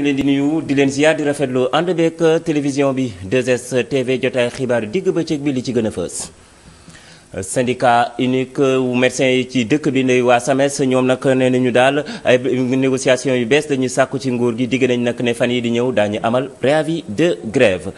ñu leen di nuyu di leen ziar di rafetlu ànd beeg télévision bi 2STV jotaay xibaar digg bëccëg bi li ci gën a fës. syndicat unique wu médecin yi ci dëkk bi nuy waa SAMES ñoom nag ne nañu daal ay négociation yu bees dañuy sàkku ci nguur gi digg nañ nak ne fan yi di ñëw daañu amal préavis de grève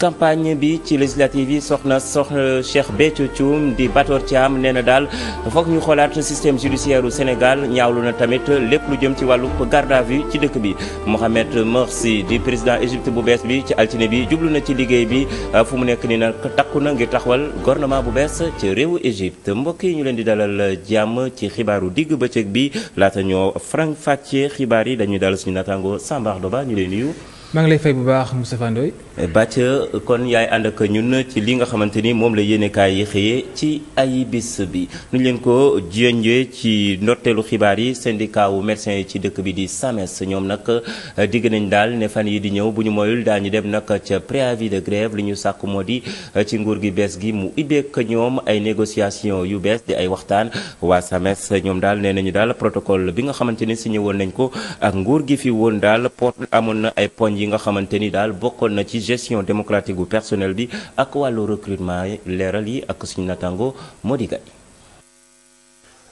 campagne bi ci législative yi soxna sox Cheikh Béthio Thioum di Bator Thiam nee na daal foog ñu xoolaat système judiciaire u Sénégal ñaawlu na tamit lépp lu jëm ci wàllu garde à ci dëkk bi Mohamed Morsi di président Égypte bu bees bi ci altine bi jublu na ci liggéey bi fu mu nekk ni nag takku na ngir taxawal gouvernement bu bees ci réewu Égypte mbokk yi ñu leen di dalal jàmm ci xibaaru digg bëccëg bi laata ñoo frank fàccee xibaar yi dañuy dal suñu natango Samba Ardo ñu leen nuyu maa ngi lay fay bu baax Moustapha Ndoye. Bathie kon yaay ànd ak ñun ci li nga xamante ni moom la yéenekaay yi xëyee ci ay bis bi nu ñu leen ko jéenjee ci ndorteelu xibaar yi syndicat wu médecin yi ci dëkk bi di SAMES ñoom nag digg nañ daal ne fan yi di ñëw bu ñu moyul ñu dem nag ca préavis de grève li ñu sàkk moo di ci nguur gi bees gi mu ibbeek ñoom ay négociation yu bees di ay waxtaan waa SAMES ñoom daal nee nañu daal protocole bi nga xamante ni signé nañ ko yi nga xamante ni daal bokkoon na ci gestion démocratique bu personnel bi ak wàllu recrutement leeral yi ak suñu natango Mody Gaye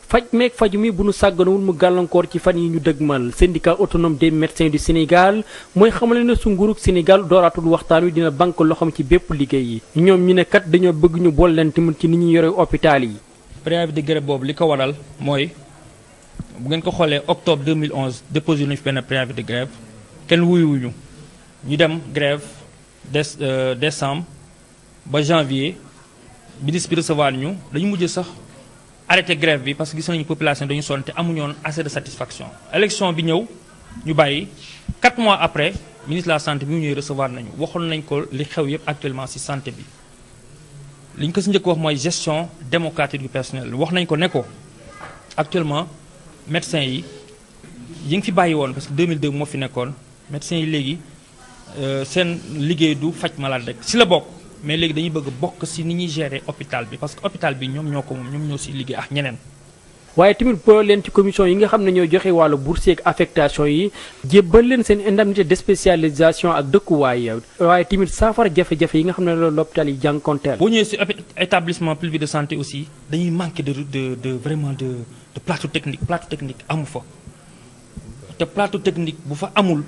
faj meeg faju mi bu nu sàgganawul mu gàllankoor ci fan yi ñu dëgmal syndicat autonome des médecins du Sénégal mooy xamale ne su nguurug Sénégal dooraatul waxtaan wi dina banque loxoom ci bépp liggéey yi ñoom ñu ne kat dañoo bëgg ñu bool leen tamit ci ni ñuy yore hôpital yi. préavis de grève boobu li ko waral mooy bu ngeen ko xoolee octobre 2011 déposé nañu fi benn préavis de grève kenn ñu dem grève des euh, décembre ba janvier ministre bi recevoir ñu dañu mujj sax arrêté grève bi parce que gis nañu population dañu sonn te amuñoon assez de satisfaction. élection bi ñëw ñu bàyyi quate mois après ministre de la santé bi mu ñëwee recevoir nañu waxoon nañ ko li xew yëpp actuellement ci santé bi. li ñu ko si njëkk wax mooy gestion démocratique du personnel wax nañ ko ne ko actuellement médecins yi yi ngi fi bàyyi woon parce que 2002 moo fi nekkoon médecins yi léegi. Euh, seen liggéey du faj malade rek si la bokk mais léegi dañuy bëgg bokk si ni ñu gérer hôpital bi parce que hôpital bi ñoom ñoo ko moom ñoom ñoo si liggéey ak ñeneen. waaye tamit boole leen ci commission yi nga xam ne ñoo joxe wàllu bourse ak affectation yi jébbal leen seen indemnité de spécialisation ak dëkkuwaay waaye tamit saafara jafe-jafe yi nga xam ne loolu l'hôpital yi jànkonteel. boo ñëwee si établissement privé de santé aussi dañuy manqué de de de vraiment de de technique plateau technique amu fa te amul.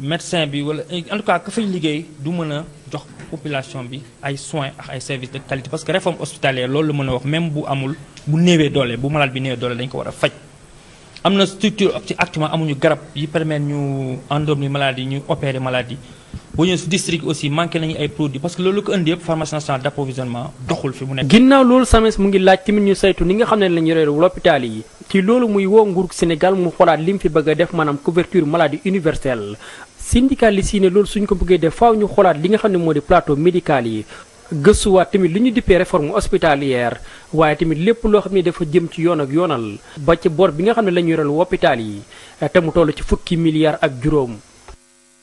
médecin bi wala en tout fay liggéey du mën a jox population bi ay soins ak ay services de qualité parce que réforme hospitalière loolu la mën a wax même bu amul bu newee doole bu malade bi néewee doole dañ ko war a faj. am na structure ci actuellement amuñu garab yi permettre ñu endormir maladie ñu opérer maladie boo ñëwee su district aussi manqué nañu ay produits parce que loolu ko indi yëpp pharmacie nationale d' doxul fi mu nekk. ginnaaw loolu SAMES mu ngi laaj tamit ñu saytu ni nga xam ne lañ yore l'hôpital yi ci loolu muy woo nguur Sénégal mu xoolaat li mu fi bëgg def maanaam couverture maladie universelle syndicaliste yi ne loolu suñ ko bëggee def faaw ñu xoolaat li nga xam ne moo di plateau gëstuwaat tamit li ñu dippee réforme hospitalière waaye tamit lépp loo xam ne dafa jëm ci yoon ak yoonal ba ci boor bi nga xam ne la ñu yoral hôpital yi te mu toll ci fukki milliards ak juróom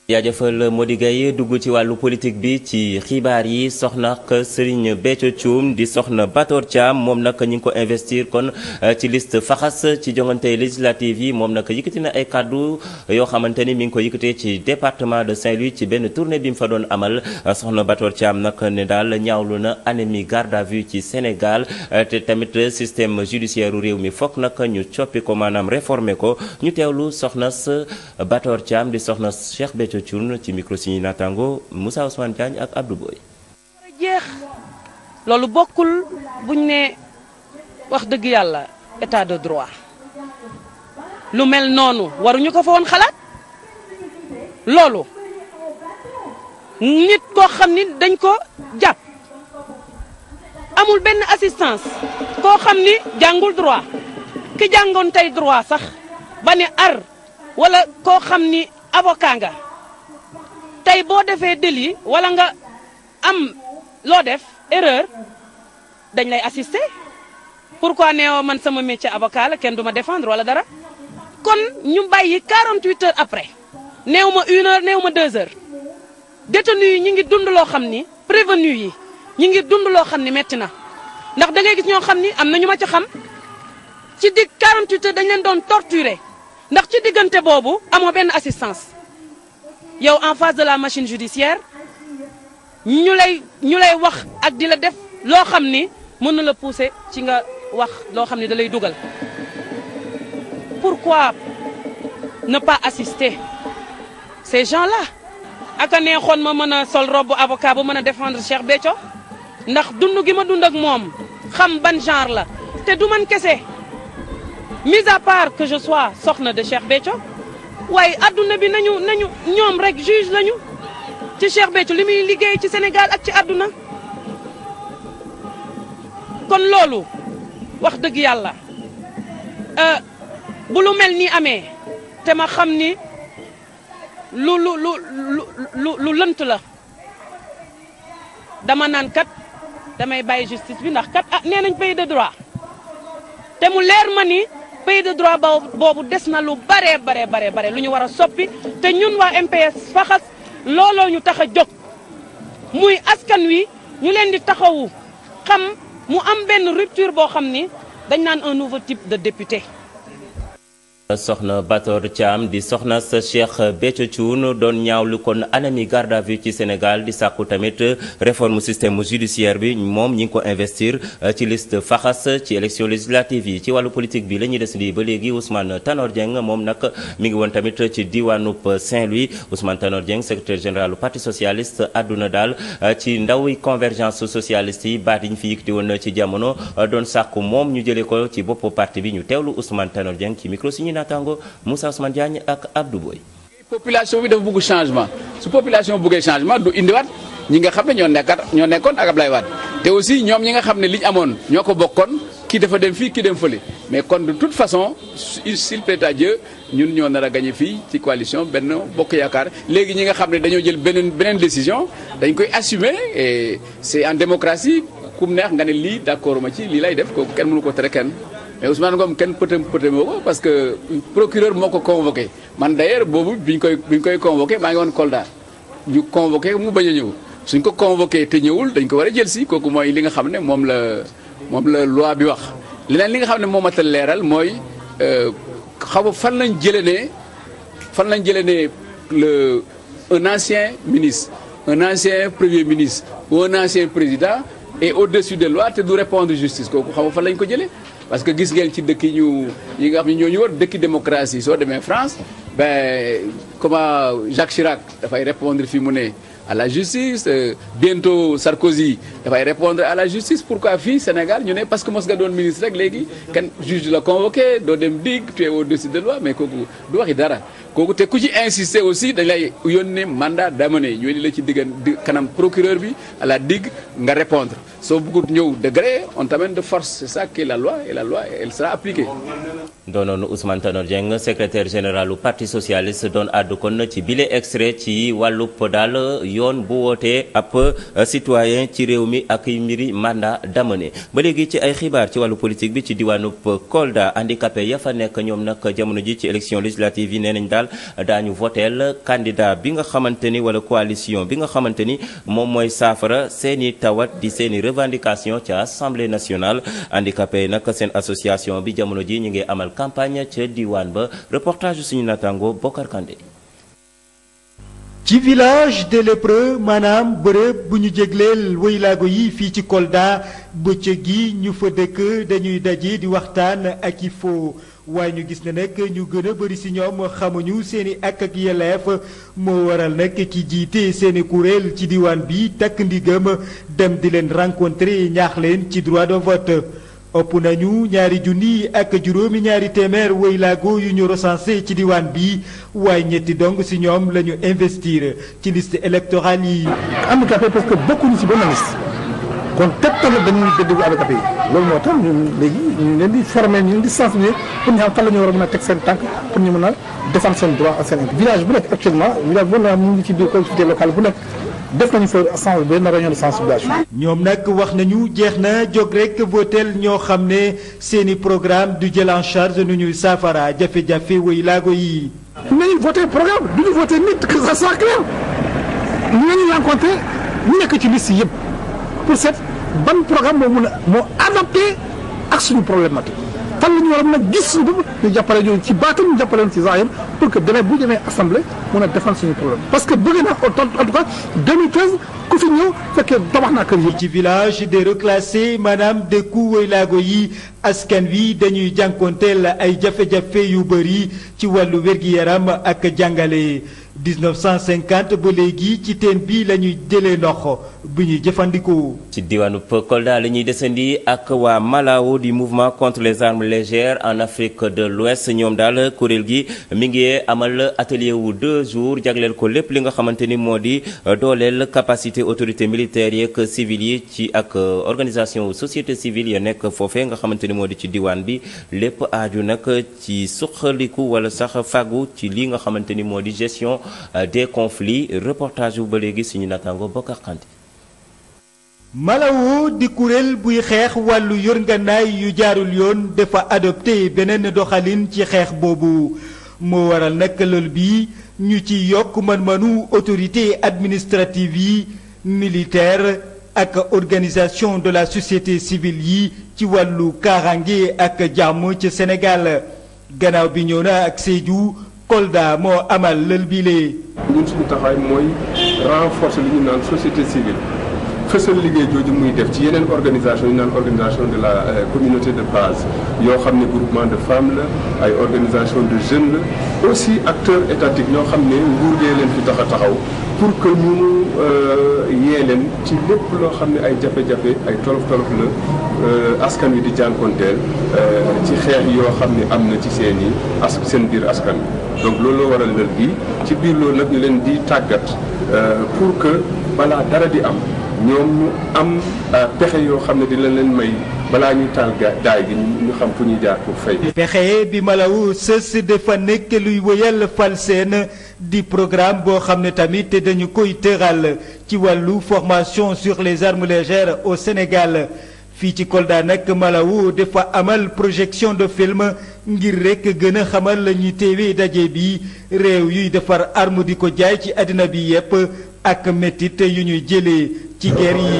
jaajëfal Mody Gueye dugg ci wàllu politique bi ci xibaar yi soxna Serigne Béthio Thioum di soxna Bator Thiam moom nag ñi ngi ko investir kon euh, ci list faxas ci jongante législative yi moom nag yëkkati na ay kàddu yoo xamante ni mi ngi ko yëkkatee ci département de Saint-Louis ci benn tournée bi mu fa doon amal euh, soxna Bator Thiam nag ne daal ñaawlu na anémie garde à vue ci Sénégal euh, te tamit système judiciaire réew mi foog nag ñu coppi ko maanaam réformé ko ñu ca Thioune ci micro suñu naataango Moussa Ousmane Diagne ak Abdou Boy. jeex loolu bokkul buñ ne wax dëgg yàlla état de droit lu mel noonu waruñu ko fa woon xalaat loolu nit koo xam ni dañ ko jàpp amul benn assistance koo xam ni jàngul droit ki jàngoon tey droit sax bane ne ar wala koo xam ni avocat tey boo defee délit wala nga am loo def erreur dañ lay assister pourquoi neewoo man sama métier avocat kenn du ma défendre wala dara kon ñu bàyyi 48 heures après neew ma une heure neew ma deux heures détenu yi ñi ngi dund loo xam ni prévenu yi ñi ngi dund loo xam ni metti na ndax da ngay gis ñoo xam ni am nañu ma ca xam ci digg 48 heures dañ leen doon torturer ndax ci diggante boobu amoo benn assistance yow en face de la machine judiciaire ñu lay ñu lay wax ak di la def loo xam ni mën na la pousser ci nga wax loo xam ni da lay dugal quoi ne pas assister ces gens-là aka neexoon ma mën a sol robu avocat ba mën a défendre Cheikh Béthio ndax dund gi ma dund ak moom xam ban genre la te du man kese mis à part que je soxna de Cheikh Béthio waaye adduna bi nañu nañu ñoom rek juge lañu ci Cheikh Béthio li muy liggéey ci Sénégal ak ci adduna kon loolu wax dëgg yàlla euh, bu lu mel ni amee te ma xam ni lu lu lu lu lu lënt la dama naan kat damay bàyyi justice bi ndax kat ah nee nañ pays de droit te mu leer ma ni. pays de droit boobu des na lu baree bare baree bare lu ñu war a soppi te ñun waa MPS faxas looloo ñu tax a jóg muy askan wi ñu leen di taxawu xam mu am benn rupture boo xam ni dañ naan un nouveau type de député soxna Bator Thiam di soxna sa Cheikh Béthio Thioune doon ñaawlu kon anami garde à vue ci Sénégal di sàkku tamit réforme système judiciaire bi moom ñi ngi ko investir euh, ci liste faxas ci élection législative yi ci wàllu politique bi la ñuy des di ba léegi Ousmane Tanor Dieng moom nag mi ngi woon tamit ci diwaanub Saint-Louis Ousmane Tanor Dieng secrétaire général parti socialiste àdduna daal euh, ci ndawi convergence socialiste yi baat yi ñu fi yëkkati woon ci jamono euh, doon sàkku naataango Moussa Ousmane Diagne ak Abdou Boy population bi dafa bëgg changement su population bëggee changement du indiwaat ñi nga xam ne ñoo nekkat ñoo nekkoon ak Ablaye Wade te aussi ñoom ñi nga xam ne li amoon ñoo ko bokkoon kii dafa dem fii kii dem fële mais kon de toute façon s'il plaît à Dieu ñun ñoo nar a gagné fii ci coalition benn bokk yaakaar léegi ñi nga xam ne dañoo jël beneen beneen décision dañ koy assumer et c'est en démocratie kum neex nga ne lii d'accord ma ci lii lay def kooku mais Ousmane Ngom kenn pëtëm pëtëm ko parce que procureur moo ko convoqué man d'ailleurs boobu bi ñu koy bi ñu koy convoqué maa ngi woon Kolda ñu convoqué mu bañ a ñëw suñ ko convoqué te ñëwul dañ ko war a jël si kooku mooy li nga xam ne moom la moom la loi bi wax. leneen li nga xam ne moo matal leeral mooy euh, xaw ma fan lañ jëlee ne fan lañ jëlee ne le un ministre un ancien ministre ou président est au-dessus des lois te du répondre justice xaw ma fan lañ ko jëlee. parce que gis ngeen ci dëkk ñu yi nga xam ne ñoo ñu war dëkki démocratie soo demee France ben comment Jacques Chirac dafay répondre fi mu ne. à la justice euh, bientôt Sarkozy dafay répondre à la justice pourquoi fii Sénégal ñu ne parce que mos nga doon ministre rek léegi kan juge la convoqué doo dem dig tu es au-dessus de loi mais kooku du waxi dara kooku te ku ci insister aussi dañ lay yónnee mandat d'amener ñu la ci diggan kanam procureur bi à la digue nga répondre soo bëggut ñëw de gré on tamit de force c'est ça qui est la loi et la loi elle sera appliquée. doon àddu kon ci bile extrait ci yoon bu wootee ab euh, citoyen ci réew mi ak mbiri mandat d'amener ba léegi ci ay xibaar ci wàllu politique bi ci diwaanub euh, Kolda handicapé ya fa nekk ñoom nag jamono ji ci élection législative yi nee nañ daal daañu voteel candidat bi nga xamante ni wala coalition bi nga xamante ni moom mooy saafara seeni tawat di seeni revendication ca assemblée nationale handicapé yi nag seen association bi jamono ji ñu ngi amal campagne ca diwaan ba reportage suñu natango Bokar Kandé ci village de lépreux maanaam bërëb bu ñu jégleel woylaago yi fii ci Kolda bëccëg gi ñu fa dëkk dañuy daje di waxtaan ak yi fo waaye ñu gis ne nag ñu gën a bëri si ñoom xamuñu seen i ak ak yeleef moo waral nag ki jiite seen i kuréel ci diwaan bi takk ndigam dem di leen rencontrer ñaax leen ci droit de vote ëpp nañu ñaari junni ak juróomi ñaari téeméer woy laago yu ñu recensé ci diwaan bi waaye ñetti dong si ñoom la ñu investir ci liste électorale yi. handicapé parce que bokkuñu si benn liste kon teg tamit dañuy déglu handicapé yi loolu moo tax léegi ñu leen di former ñu leen di sensibiliser pour ñu xam fan la ñu a mën a teg seen tànk pour ñu mën a défendre seen droit ak seen village bu nekk actuellement village boo xam ne ngi ci biir collectivité locale bu def nañu fa ensemble benn réunion de sensibilisation. ñoom nag wax nañu jeex na jóg rek votel ñoo xam ne seeni programme du jël en charge nu ñuy saafara jafe-jafe way laago yi. nañu voté programme du ñu voté nit que ça soit clair ñu ngi nekk ci liste yëpp pour seet ban programme moo mun a moo adapté ak suñu problématique. fan la ñu waroon nag gis suñu bopp ñu jàppale ñu ci baatam ñu jàppale ci zaahir pour que demee bu demee assemblée mun a défendre suñu problème parce que bëgg naa en tout cas 2013 ku fi ñëw fekkee tabax naa kër yëpp. ci village des reclassés maanaam dëkku woylaago yi askan wi dañuy jànkonteel ay jafe-jafe yu bëri ci wàllu wér-gi-yaram ak jàngale. 1950 ba léegi ci teen bii la ñuy jëlee ndox bu ñuy jëfandikoo. ci diwaanu Kolda la ñuy desandi ak waa Malaw di mouvement contre les armes légères en Afrique de l'Ouest ñoom daal kuréel gi mi ngi amal atelier wu deux jours jagleel ko lépp li nga xamante ni moo di dooleel capacité autorité militaire yeeg civil yi ci ak organisation société civile ya nekk foofee nga xamante ni moo di ci diwaan bi lépp aaju nag ci suqaliku wala sax fàggu ci li nga xamante ni moo di gestion. Euh, des conflits reportage ba léegi suñu naataango Bokar Kanté Malawo di kuréel buy xeex wàllu yërnganaay yu jaarul yoon dafa adopté beneen doxalin ci xeex boobu moo waral nag loolu bi ñu ci yokk mën-mënu autorité administrative yi militaire ak organisation de la société civile yi ci wàllu kaaraange ak jàmm ci senegal gannaaw bi ñëw na ak Sédhiou Kolda moo amal lël biile. ñun suñu taxawaay mooy renforcer li ñu naan société civile fësal liggéey jooju muy def ci yeneen organisation yu naan organisation de la euh, communauté de base yoo xam ne groupement de femmes la ay organisation de jeunes la aussi acteurs étatiques ñoo xam ne nguur gee leen fi tax a taxaw. pour que ñu euh, yee leen ci lépp loo xam ne ay jafe-jafe ay tolof tolof la euh, askan wi di jànkoonteel euh, ci xeex yoo xam ne am na ci seen i as seen biir askan wi donc loolu la waral lër gi ci biir loolu nag ñu leen di tàggat pour que balaa dara di am ñoom ñu am pexe yoo xam ne di dina leen may balaa ñuy taal daay gi ñu xam fu ñuy jaar pour fay. pexe bi malaw sës dafa nekk luy wëyal fal seen di programme boo xam ne tamit dañu koy tëral ci wàllu formation sur les armes légères au senegal fii ci Kolda nag Malaw dafa amal projection de film ngir rekk gëna a xamal la teewee daje bi réew yuy defar arme di ko jaay ci àddina bi yépp ak métit yu ñuy jëlee ci guerre yi.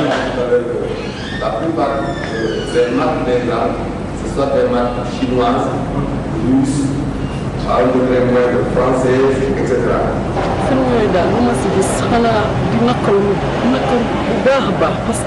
les marques d'État, seen yooyu daal lu ma si gis xanaa di naqaru baax a baax parce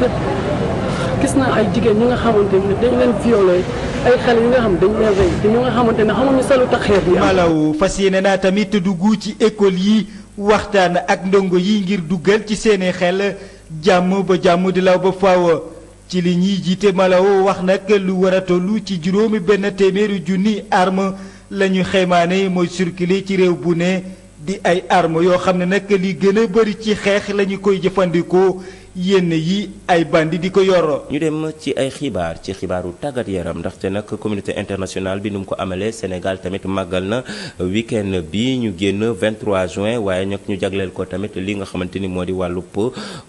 gis naa ay jigéen ñi nga xamante ne dañ leen violé ay xale yi nga xam dañ leen rey te ñu nga xamante ne xamuñu salu taxeer yi. Malaw fas yéene naa tamit dugg ci école yi waxtaan ak ndongo yi ngir duggal ci seeni xel jàmm ba jàmm di law ba faaw. ci li ñuy jiite Malaw wax nag lu war a tollu ci juróomi benn téeméeri junni arme la ñu xaymaane mooy circuler ci réew bu ne di ay arme yoo xam ne nag li gën a bëri ci xeex la ñu koy jëfandikoo. yéen yi ay bandi di ko yoroo. ñu dem ci ay xibaar ci xibaaru tàggat yaram ndaxte nag communauté internationale bi nu mu ko amalee Sénégal tamit màggal na week-end bi ñu génn 23 juin waaye nag ñu jagleel ko tamit li nga xamante ni moo di wàllub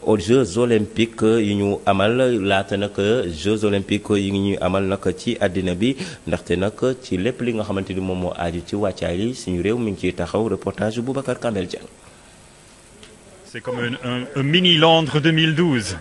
aux Jeux olympiques yi ñu amal laata nag Jeux olympiques yi ngi ñuy amal nag ci àddina bi ndaxte nag ci lépp li nga xamante ni moom moo aaju ci wàccaay yi suñu réew mi ngi ciy taxaw reportage bu Boubacar Kamel Dieng. C'est comme un, un, un mini Londres 2012.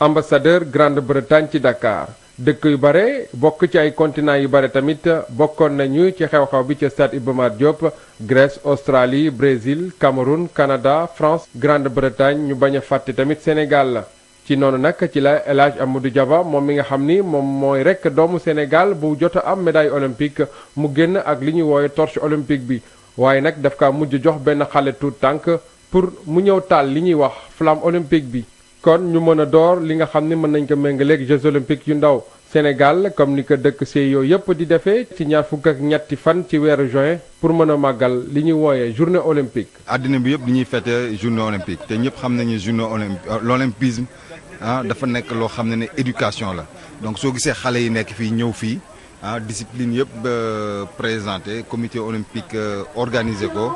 ambassadeur Grande-Bretagne ci Dakar dëkk yu bare bokk ci ay continent yu bare tamit bokkoon nañu ci xew-xew bi ca stade Iba Mar Diop Grèce Australie Brésil kanada Canada France Grande-Bretagne ñu bañ a fàtte tamit Sénégal la. ci noonu nag ci la El Hadj Amadou moom mi nga xam ni moom mooy rek doomu Sénégal bu jot a am médaille olympique mu génn ak li ñuy woowe torche olympique bi waaye nag daf ka mujj jox benn xale tuut tànk pour mu ñëw taal li ñuy wax flamme olympique bi kon ñu mën a door li nga xam ne mën nañ ko méngaleeg Jeux olympiques yu ndaw Sénégal comme ni ko dëkk see yooyu yëpp di defee ci ñaar fukk ak ñetti fan ci weeru juin pour mën a màggal li ñuy wooyee journée olympique. àddina bi yëpp ñuy fête journée olympique te ñëpp xam nañu journée olympique euh, l'olympisme ah dafa nekk loo xam ne ne éducation la donc soo gisee xale yi nekk fii ñëw fii. ah discipline yëpp euh, présenté comité olympique euh, organisé ko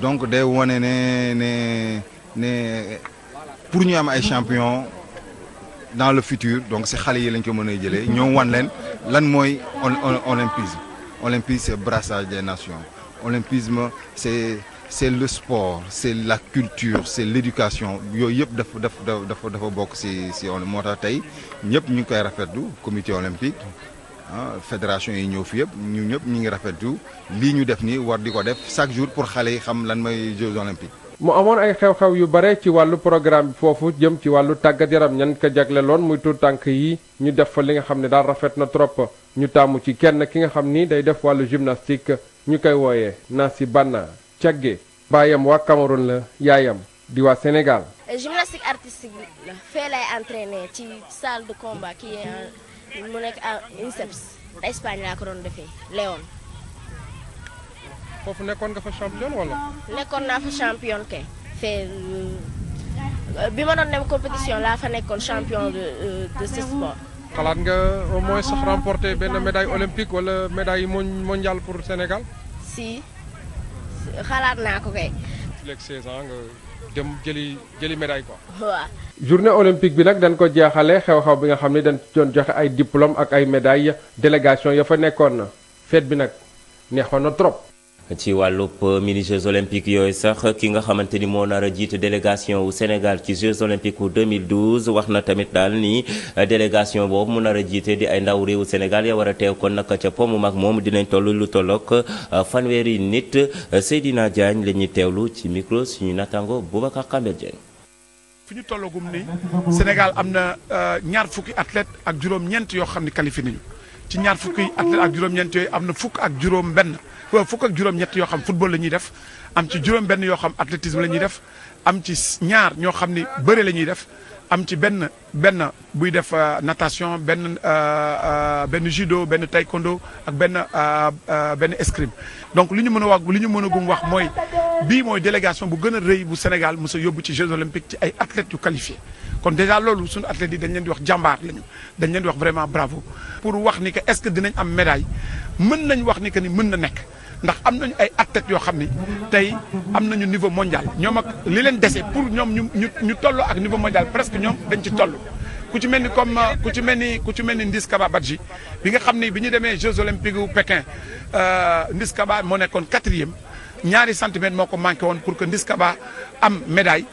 donc day wane ne ne ne pour ñu am ay champion dans le futur donc si xale yi lañ ko mën a jëlee ñoo wan leen lan mooy olympisme olympisme c'est brassage des nations olympisme c'est c'est le sport c'est la culture c'est l'éducation yooyu yëpp dafa dafa dafa dafa bokk si si moo tax tey ñëpp ñu ngi koy rafetlu comité olympique Ah, fédération yi ñëw fi yëpp ñu ñëpp ñu ngi rafetlu lii ñu def nii war di ko def chaque jour pour xale yi xam lan mooy Jeux olympiques. mu amoon ay xew-xew yu bare ci wàllu programme bi foofu jëm ci wàllu tàggat yaram ñan ko jagleloon muy tuut tànk yi ñu def fa li nga xam ne daal rafet na trop ñu tàmmu ci kenn ki nga xam ni day def wàllu gymnastique ñu koy wooyee Nancy Bana Thiagué baayam waa Cameroun la yaayam di waa Sénégal. la fee lay entraîner mu nekk à INSEPS Espagne laa ko doon defee Léon. foofu nekkoon nga fa champion wala. nekkoon naa fa champion kay. fee euh, bi ma doon dem compétition laa fa nekkoon champion de euh, de ce sport. xalaat nga au sax remporter benn médaille olympique wala médaille mondiale pour Sénégal. si xalaat naa ko kay. dem jëli jëli médaille quoi. waaw. journée olympique bi nag dañ ko jeexale xew-xew bi nga xam ne dañ doon joxe ay diplôme ak ay médailles délégation ya fa nekkoon na fête bi nag neexoon na trop. ci wàllub mini Jeux olympiques yooyu sax ki nga xamante ni moo nar a jiite délégation wu Sénégal ci Jeux olympiques wu 2012 wax na tamit daal ni euh, délégation boobu mu nar a jiite di ay ndaw réewu Sénégal ya war a teew kon naka ca po mu mag moom dinañ toll lu tolloog euh, fanweeri nit euh, Seydina Diagne la ñuy teewlu ci micro suñu natango Boubacar Kambel Dieng. fi ñu tollagum ni Sénégal am na ñaar fukki athlète ak juróom-ñeent yoo xam yooyu am na fukk ak juróom-benn. fukk ak juróom-ñett yoo xam football la ñuy def am ci juróom-benn yoo xam athlétisme la ñuy def am ci ñaar ñoo xam ni bëre la ñuy def am ci benn benn buy def euh, natation benn euh, euh, benn judo benn taekwondo ak benn benn escrime donc li ñu mën a wax li ñu mën a gum wax mooy bii mooy délégation bu gën a rëy bu Sénégal mos yóbbu ci Jeux olympiques ci ay athlètes yu qualifiés kon déjà loolu suñu athlètes yi dañ leen di wax lañu dañ leen di wax vraiment bravo. pour wax ni que est-ce que dinañ am médaille mën nañ wax ni que ni mën na nekk. ndax am nañu ay athlètes yoo xam ni tey am nañu niveau mondial ñoom ak li leen dese pour ñoom ñu ñu ñu tolloo ak niveau mondial presque ñoom dañ ci tollu ku ci mel ni comme ku ci mel ni ku ci mel ni Ndis Kaba Badji bi nga xam ni bi ñu demee Jeux olympiques wu Pékin euh, Ndis Kaba moo nekkoon quatrième ñaari centimètres moo ko manqué woon pour que Ndis Kaba am médaille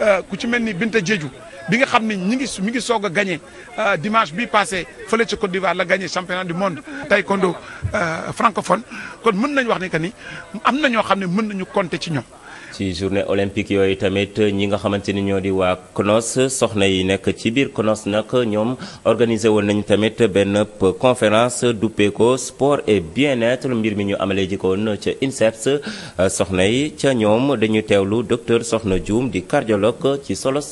euh, ku ci mel ni Binta Diédhiou bi nga xam ni ñi ngi mi ngi soog a gagné euh, dimanche bi passé fële ci Côte d'Ivoire la gagné championnat du monde taekwondo euh, francophone kon mën nañ wax ni que ni am na ñoo xam ne mën nañu compter ci ñoom. ci journée olympique yooyu tamit ñi nga xamante ni ñoo di waa CNOS soxna yi nekk ci biir CNOS nag ñoom organisé woon nañu tamit benn conférence duppeeko sport et bien mbir mi ñu amalee jikoon ca INSEPS soxna yi ca ñoom dañu teewlu docteur Soxna Dioum di cardiologue ci solos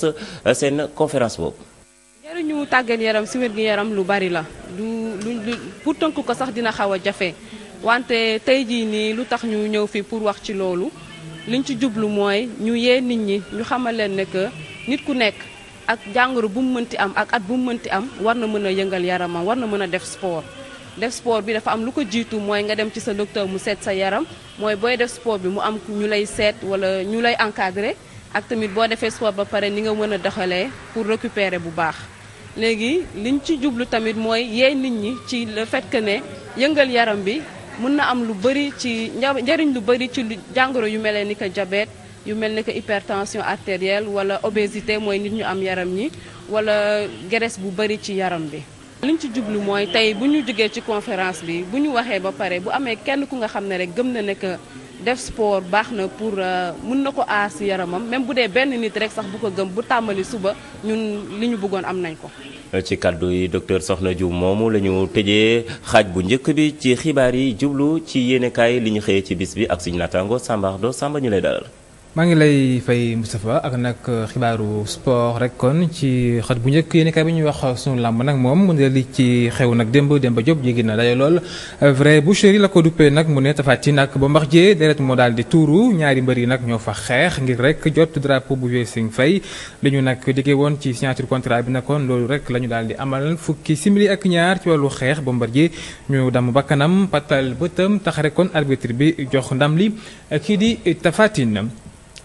seen conférence boobu. njëriñu tàggat yaram si gi yaram lu bari la du tënk ko sax dina xaw a jafe wante tey ji nii lu tax ñu ñëw fi pour wax ci loolu. liñ ci jublu mooy ñu yee nit ñi ñu xamal leen ne que nit ku nekk ak jàngoro bu mu mënti am ak at bu mu mënti am war na mën a yëngal yaramam war na mën a def sport. def sport bi dafa am lu ko jiitu mooy nga dem ci sa docteur mu seet sa yaram mooy booy def sport bi mu am ñu lay seet wala ñu lay encadré ak tamit boo defee sport ba pare ni nga mën a doxalee pour récupérer bu baax. léegi liñ ci jublu tamit mooy yee nit ñi ci la fait que ne yëngal yaram bi. mën na am lu bëri ci njëriñ lu bëri ci lu jàngoro yu mel ni que diabète yu mel ni que hypertension artérielle wala obésité mooy nit ñu am yaram ñi wala graisse bu bëri ci yaram bi. liñ ci jublu mooy tey bu ñu jógee ci conférence bi bu ñu waxee ba pare bu amee kenn ku nga xam ne rek gëm na ne que def sport baax na pour euh, mun na ko aar si yaramam même bu dee benn nit rek sax bu ko gëm bu tàmbali suba ñun li ñu bëggoon am nañ ko. ci kàddu yi docteur Soxna Diouf moomu la ñu tëjee xaaj bu njëkk bi ci xibaar yi jublu ci yéenekaay li ñu xëyee ci bis bi ak suñu naataango Samba Ardo Samba ñu lay dalal. maa ngi lay fay Moustapha ak nag xibaaru sport rek kon ci xat bu njëkk yéen kay bi ñuy wax sunu làmb nag moom mu ne li ci xew nag démb Demba Diop jéggi na dayo lool vrai boucherie la ko duppee nag mu ne tafati nag ba mbax jee deret moo daal di tuuru ñaari mbër yi nag ñoo fa xeex ngir rek jot drapeau bu vieux Sing Fay li ñu nag diggee woon ci signature contrat bi nag kon loolu rek la ñu daal di amal fukki simili ak ñaar ci wàllu xeex ba mbar ji ñu damm bakkanam patal bëtam taxare kon arbitre bi jox ndam li kii di tafatin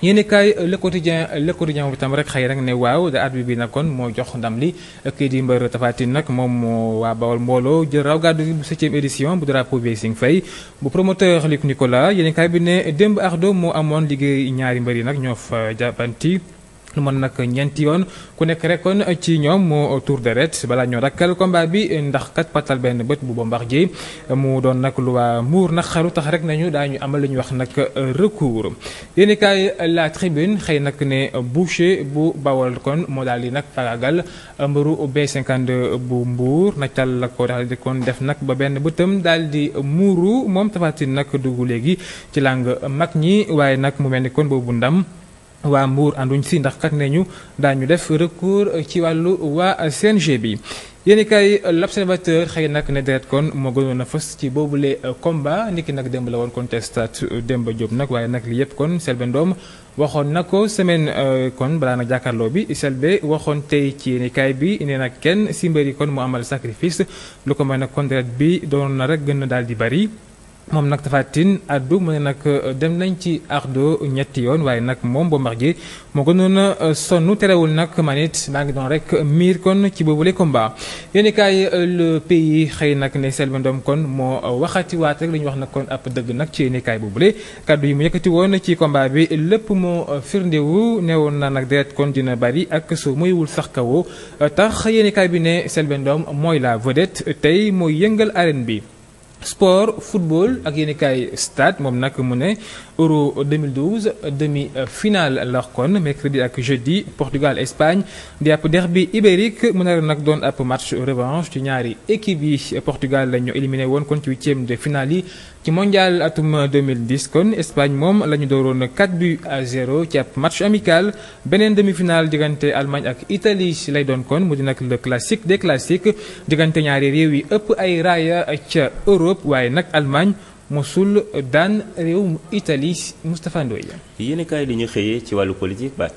yéen kaay le quotidien le quotidien moom itam rek xëy rek ne waaw da arbitre bi nag kon moo jox ndam li kii di mbër Tapha Tine nag moom moo waa Bawol mbooloo jël raw gàddu bu septième édition bu drapeau bi Sing Fay bu promoteur Luc ko yéen kaay bi ne démb doo moo amoon liggéey ñaari mbër yi nag ñoo fa jàppanti lu mën nag ñeenti yoon ku nekk rek kon ci ñoom moo tour de ret balaa ñoo dakkal combat bi ndax kat patal benn bët bu ji mu doon nag lu waa muur nag xaru tax rek nañu daañu amal li ñuy wax nag recours. yéen kaay la tribune xëy nag ne boucher bu bawal kon moo daal di nag fagagal mbaru B52 bu mbuur cal la ko daal di kon def nag ba benn bëtam daal di muuru moom tafatin nag dugg léegi ci làng mag ñi waaye nag mu mel ni kon boobu ndam. waa Mbour ànduñ si ndax kat nañu daañu def recours ci wàllu waa CNG bi yéen kay l'observateur xëy nag ne deret kon moo gënoon a fës ci boobu boobule combat niki nag démb la woon contestat Demba Diop nag waaye nag li yëpp kon Selbé Ndom waxoon na ko semaine euh, kon balaa nag jàkkaarloo bi Selbé waxoon tey ci yéen bi nee nag kenn si mbir kon mu amal sacrifice lu ko may nag kon deret bi doon na rek gën na daal di bari. moom nag Tapha tin addu mu nag euh, dem nañ ci ardo ñetti yoon waaye nag moom Bombardier moo gënoon a euh, sonn terewul nag manit maa ngi doon rek miir kon ci boobu combat yéeni kaay euh, le pays xëy nag ne Selbé Ndom kon moo waxati waat rek li ñu wax nag kon ab dëgg nag ci yéeni boobu boobule kaddu yi mu yëkkati woon ci combat bi lépp moo firndewu ne woon na nag deret kon dina bari ak su muyuwul sax kawoo tax yéeni bi ne Selbé Ndom mooy la vedette tey mooy yëngal arène bi sport football ak yéen kaay stade moom nag mu ne euro 2012 demi finale la kon mercredi ak jeudi Portugal Espagne di ab derby ibérique mu nar nag doon ab match revanche ci ñaari équipe yi Portugal la ñu éliminé woon kon ci huitième de finale yi ci mondial atum 2010 kon Espagne moom la ñu dooroon 4 buts à 0 ci ab match amical beneen demi finale diggante Allemagne ak Italie lay doon kon mu di nag le classique des classiques diggante ñaari réew yi ëpp ay raaya ca euro. Europe waaye nag Allemagne mosul daan réew mu Italie Moustapha Ndoye yéen li ñu xëyee ci wàllu politique baat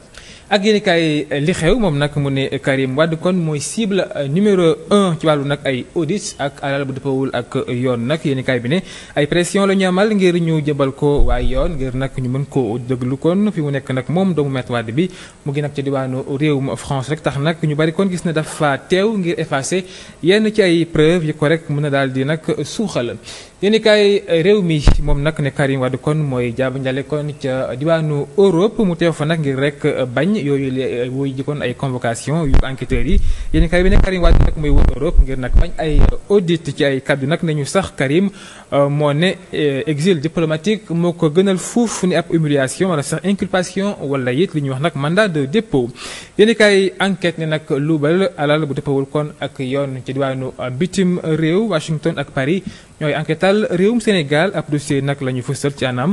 ak yéen kay eh, li xew moom nag mu ne Karim Wade kon mooy cible eh, numéro un ci wàllu nag ay audit ak alal bu dëppawul ak yoon nag yéen bi ne ay pression la ñu amal ngir ñu jëbal ko waaye yoon ngir nag ñu mën koo déglu kon fi mu nekk nag moom doomu Maître Wade bi mu ngi nag ci diwaanu réewum France rek tax nag ñu bari kon gis na dafa teew ngir effacer yenn ci ay preuve yi ko rek mën a daal di nag suuxal yéen réew mi moom nag ne Karim Wade kon mooy jaab njale kon ca diwaanu Europe mu teew fa nag ngir rek bañ yooyu la wuy ji kon ay convocation yu enquêteurs yi yéen bi ne Karim Wade nag mooy wut Europe ngir nag bañ ay audit ci ay kaddu nag nañu sax Karim euh, moo ne euh, exil diplomatique moo ko gënal fuuf ni ab humiliation wala sax inculpation wala it li ñuy wax nag mandat de dépôt yéen kaay enquête ne nag luubal alal bu dëppawul kon ak yoon ci diwaanu euh, bitim réew Washington ak Paris ñooy enquêtal réewum Sénégal ab dossier nag la ñu fësal ci anam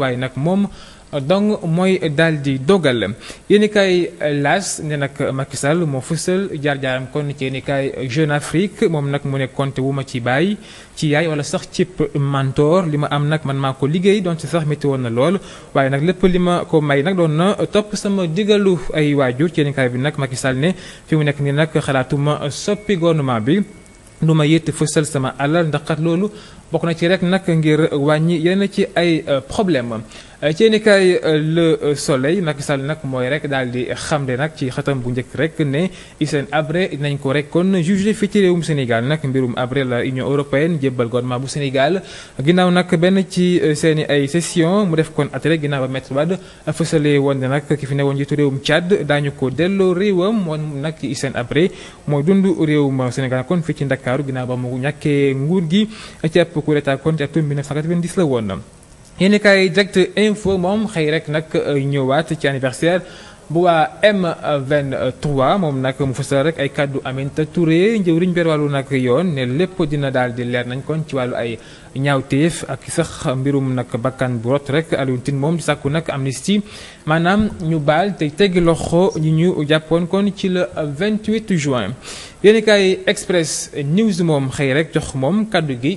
waaye nag moom euh, donc mooy daal di dogal yéeni kaay laas ne nag Macky Sall moo fësal jaar-jaaram kon ci yéeni Jeune Afrique moom nag mu ne konte wu ma ci bàyyi ci yaay wala sax cib mentor li ma am nag man maa ko liggéey doon ci sax métti woon na lool waaye nag lépp li ma ko may nag doon na topp sama digalu ay waajur ci yéeni bi nag Macky Sall ne fi mu nekk nii nag xalaatuma soppi gouvernement bi du ma yétt fësal sama alal ndax kat loolu bokk na ci rek nag ngir wàññi yeneen ci ay euh, problème euh, ci yéen kaay euh, le soleil Macky Sall nag mooy rek daal di xamle nag ci xatam bu njëkk rek ne Hissène Habré nañ ko rek kon jugé fii ci réewum Sénégal nag mbirum Habré la Union européenne jébbal gouvernement bu Sénégal ginnaaw nag benn ci seeni ay session mu def kon at ginnaaw ba Maître Wade fësale woon ne nag ki fi ne woon jiitu réewum Tchad daañu ko delloo réewam moom nag ci Hissène Habré mooy dund réewum Sénégal kon fii ci Ndakaaru ginnaaw ba mu ñàkkee nguur gi ci bu coup d'état contre atum 1990 la woon yéeni kaay direct info moom xëy rek nag euh, ñëwaat ci anniversaire bu waa M23 moom nag mu fësal rek ay kàddu Aminata Touré njëwriñ ber wàllu nag yoon ne lépp dina daal di leer nañ kon ci wàllu ay ñaawteef ak sax mbirum nag bakkan bu rot rek Alioune Tine moom di sàkku nag amnistie maanaam ñu baal te teggi loxo ñi ñu jàppoon kon ci le 28 juin yéen kaay express news moom xëy rek jox moom kàddu gi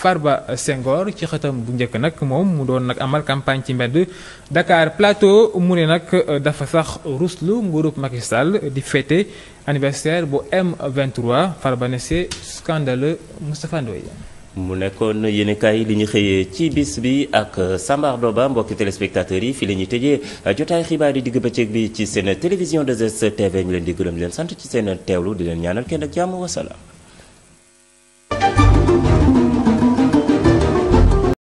Farba Senghor ci xëtam bu njëkk nag moom mu doon nag amal campagne ci mbedd Dakar Plateau mu ne nag dafa sax ruslu nguurub Macky Sall di féete anniversaire bu M23 Farba ne c'est scandaleux Moustapha mu nekkoon yéenekaay li ñu xëyee ci bis bi ak Samba Ardo Ba mbokki téléspectateurs yi fii la ñuy tëjee jotaay xibaar yi digg bëccëg bi ci seen télévision 2STV ñu leen di gërëm leen sant ci seen teewlu di leen ñaanal kenn ak jàmm wasalaam